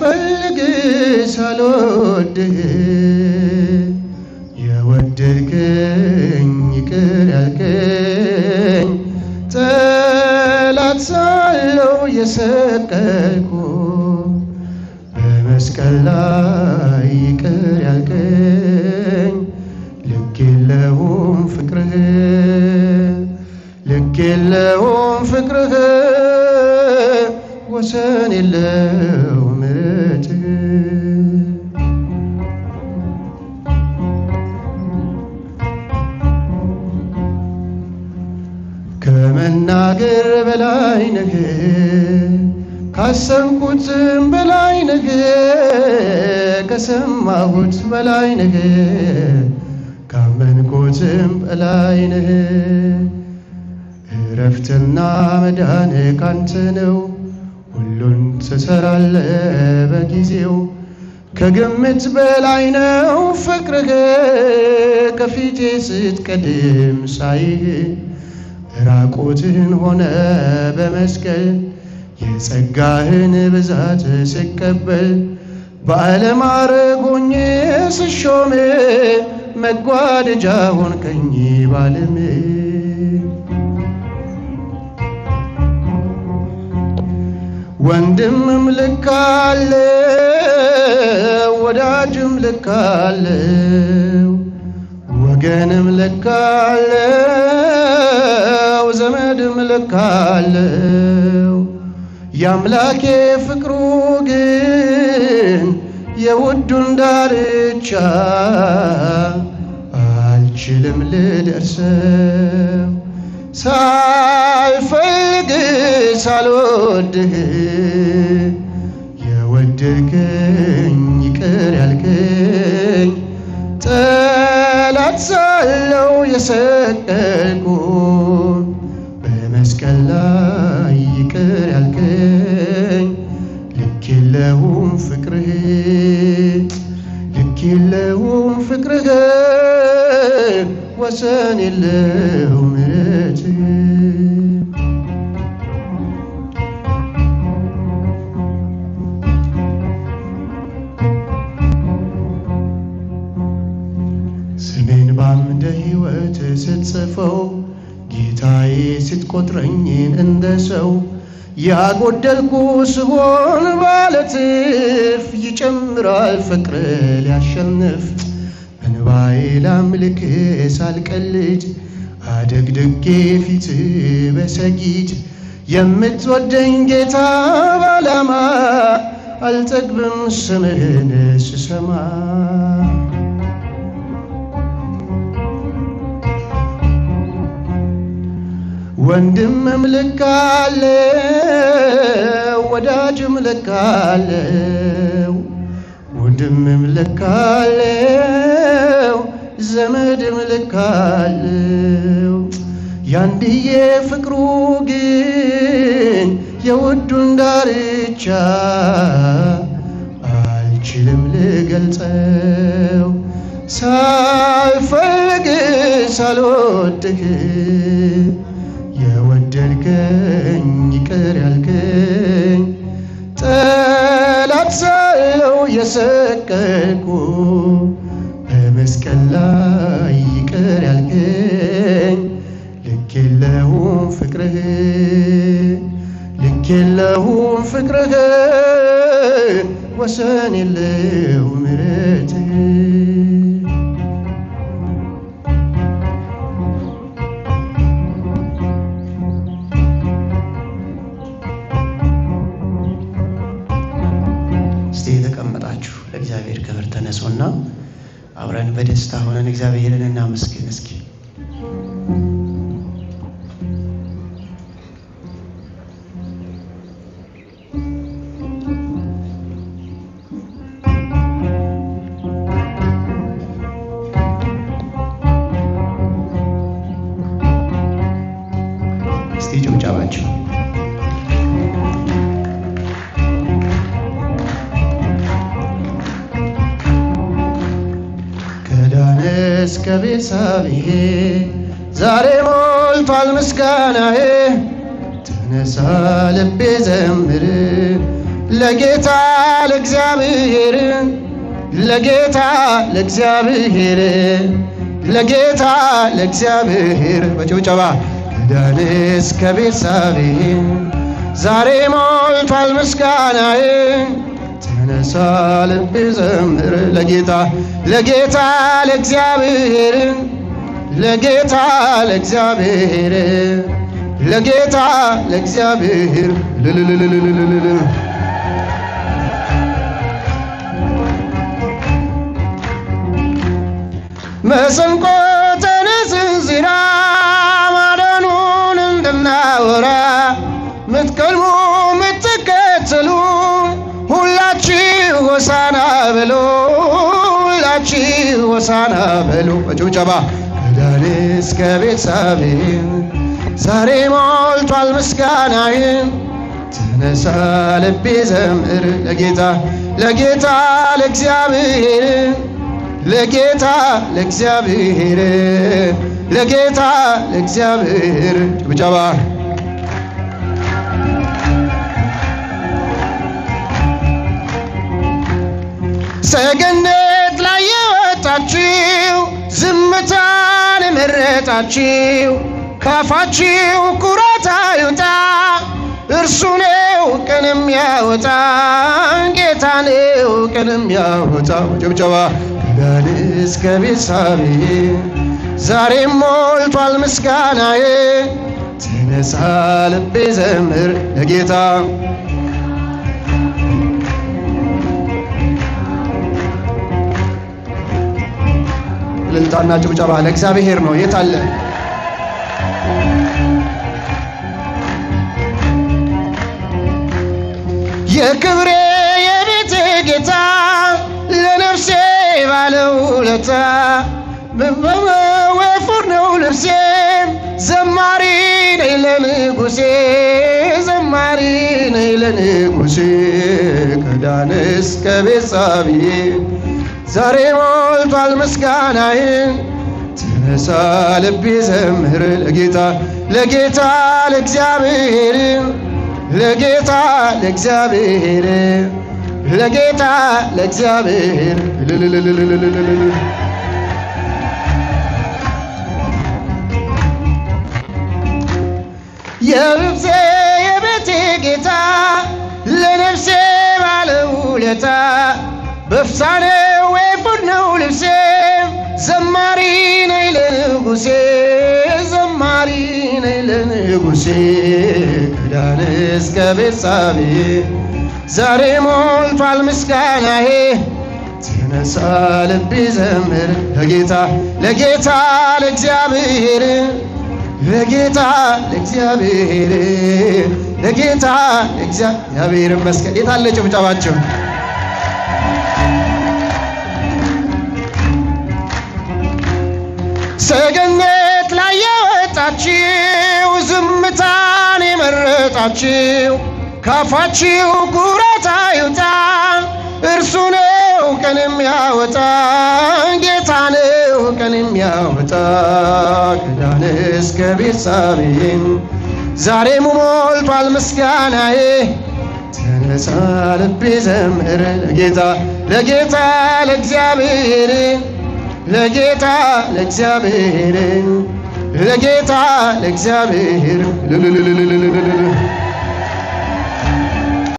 ፈልግ ሳልወድህ የወደድከኝ ይቅር ያልከኝ ጠላት ሳለው የሰቀልኩ በመስቀል ላይ ይቅር ያልከኝ ልክ የለውም ፍቅርህ ልክ የለውም ፍቅርህ ወሰን የለው ከመናገር በላይ ነህ፣ ካሰብኩትም በላይ ነህ፣ ከሰማሁት በላይ ነህ፣ ካመንኩትም በላይ ነህ። እረፍትና መዳን ካንተ ነው፣ ሁሉን ትሰራለ በጊዜው ከግምት በላይ ነው ፍቅርህ ከፊቴ ስትቀድም ሳይህ ራቁትን ሆነ በመስቀል የጸጋህን ብዛት ስቀበል በዓለም አረጎኝ ስሾም መጓደጃ ሆንከኝ ባለም ወንድምም ልካለው ወዳጅም ልካለው ወገንም ልካለው ዘመድም ልካለው የአምላኬ ፍቅሩ ግን የውዱን ዳርቻ አልችልም ልደርሰው ሳልፈልግ ሳልወድህ የወደድከኝ የሰቀልኩ በመስቀል ላይ ይቅር ያልከኝ ልክ የለውም ፍቅርህ ልክ የለውም ፍቅርህ ወሰን የለው ምሕረትህ እንደ ሕይወት ስትጽፈው ጌታዬ ስትቆጥረኝ እንደ ሰው ያጎደልኩ ስሆን ባለትፍ ይጨምራል ፍቅር ሊያሸንፍ በንባዬ ላምልክ ሳልቀልድ አደግድጌ ፊት በሰጊድ የምትወደኝ ጌታ ባላማ አልጠግብም ስምህን ስሰማ ወንድምም ልክ አለው፣ ወዳጅም ልክ አለው፣ ወንድምም ልክ አለው፣ ዘመድም ልክ ያንድዬ ፍቅሩ ግን የውዱን ዳርቻ አልችልም ልገልጸው ሳልፈልግ ሳልወድህ ወደድከኝ ይቅር ያልከኝ ጠላት ሳለው የሰቀልኩ በመስቀል ላይ ይቅር ያልከኝ ልክ የለውም ፍቅርህ ልክ የለውም ፍቅርህ ወሰን የለው ምሕረትህ ከእግዚአብሔር ክብር ተነሶና አብረን በደስታ ሆነን እግዚአብሔርን እናመስግን እስኪ እስከ ቤሳብዬ ዛሬ ሞልቷል ምስጋናዬ፣ ተነሳ ልቤ ዘምር ለጌታ ለእግዚአብሔር ለጌታ ለእግዚአብሔር ለጌታ ለእግዚአብሔር በጭብጨባ ከዳን እስከ ቤርሳቤህ ዛሬ ሞልቷል ምስጋናዬ የተነሳ ልብ ዘምር ለጌታ ለጌታ ለእግዚአብሔር ለጌታ ለእግዚአብሔር ለጌታ ለእግዚአብሔር ልልልልልልልል መሰንቆ ተነስንስ ሆሳና በሉ በጭብጨባ ከዳን እስከ ቤርሳቤህ ዛሬ ሞልቷል ምስጋናዬ። ተነሳ ልቤ ዘምር ለጌታ ለጌታ ለእግዚአብሔር ለጌታ ለእግዚአብሔር ለጌታ ለእግዚአብሔር ጭብጨባ ሰገነት ልባችሁ ዝምታን መረጣችሁ፣ ካፋችሁ ኩራት አይውጣ። እርሱ ነው ቅን የሚያወጣ፣ ጌታ ነው ቅን የሚያወጣ። ጭብጨባ ከዳን እስከ ቤርሳቤህ ዛሬ ሞልቷል ምስጋናዬ። ተነሳ ልቤ ዘምር ለጌታ ጨዋታና ጭብጨባ ለእግዚአብሔር ነው። የት አለ? የክብሬ የቤት ጌታ ለነፍሴ ባለውለታ ወፉር ነው ልብሴ ዘማሪ ነይ ለንጉሴ ዘማሪ ነይ ለንጉሴ ከዳንስ እስከ ዛሬ ሞልቷል ምስጋናዬ ተነሳ ልቤ ዘምር ለጌታ ለጌታ ለእግዚአብሔር ለጌታ ለእግዚአብሔር ለጌታ ለእግዚአብሔር የልብሴ የቤቴ ጌታ ለነፍሴ ባለውለታ በፍሳኔ ንጉሴ ዘማሪ ነይ ለንጉሴ ዘማሪ ነይ ለንጉሴ ከዳን እስከ ቤርሳቤህ ዛሬ ሞልቷል ምስጋናዬ ተነሳ ልቤ ዘምር ለጌታ ለጌታ ለእግዚአብሔር ለጌታ ለእግዚአብሔር ለጌታ ለእግዚአብሔር ይመስገን። የታለ ጭብጨባችሁ? ሰገነት ላይ የወጣችው ዝምታን የመረጣችው ካፋችው ኩራት አይውጣ እርሱ ነው ቀን የሚያወጣ ጌታ ነው ቀን የሚያወጣ ከዳን እስከ ቤርሳቤህም ዛሬም ሞልቷል ምስጋናዬ ተነሳ ልቤ ዘምር ለጌታ ለጌታ ለእግዚአብሔር ለጌታ ለእግዚአብሔር ለጌታ ለእግዚአብሔር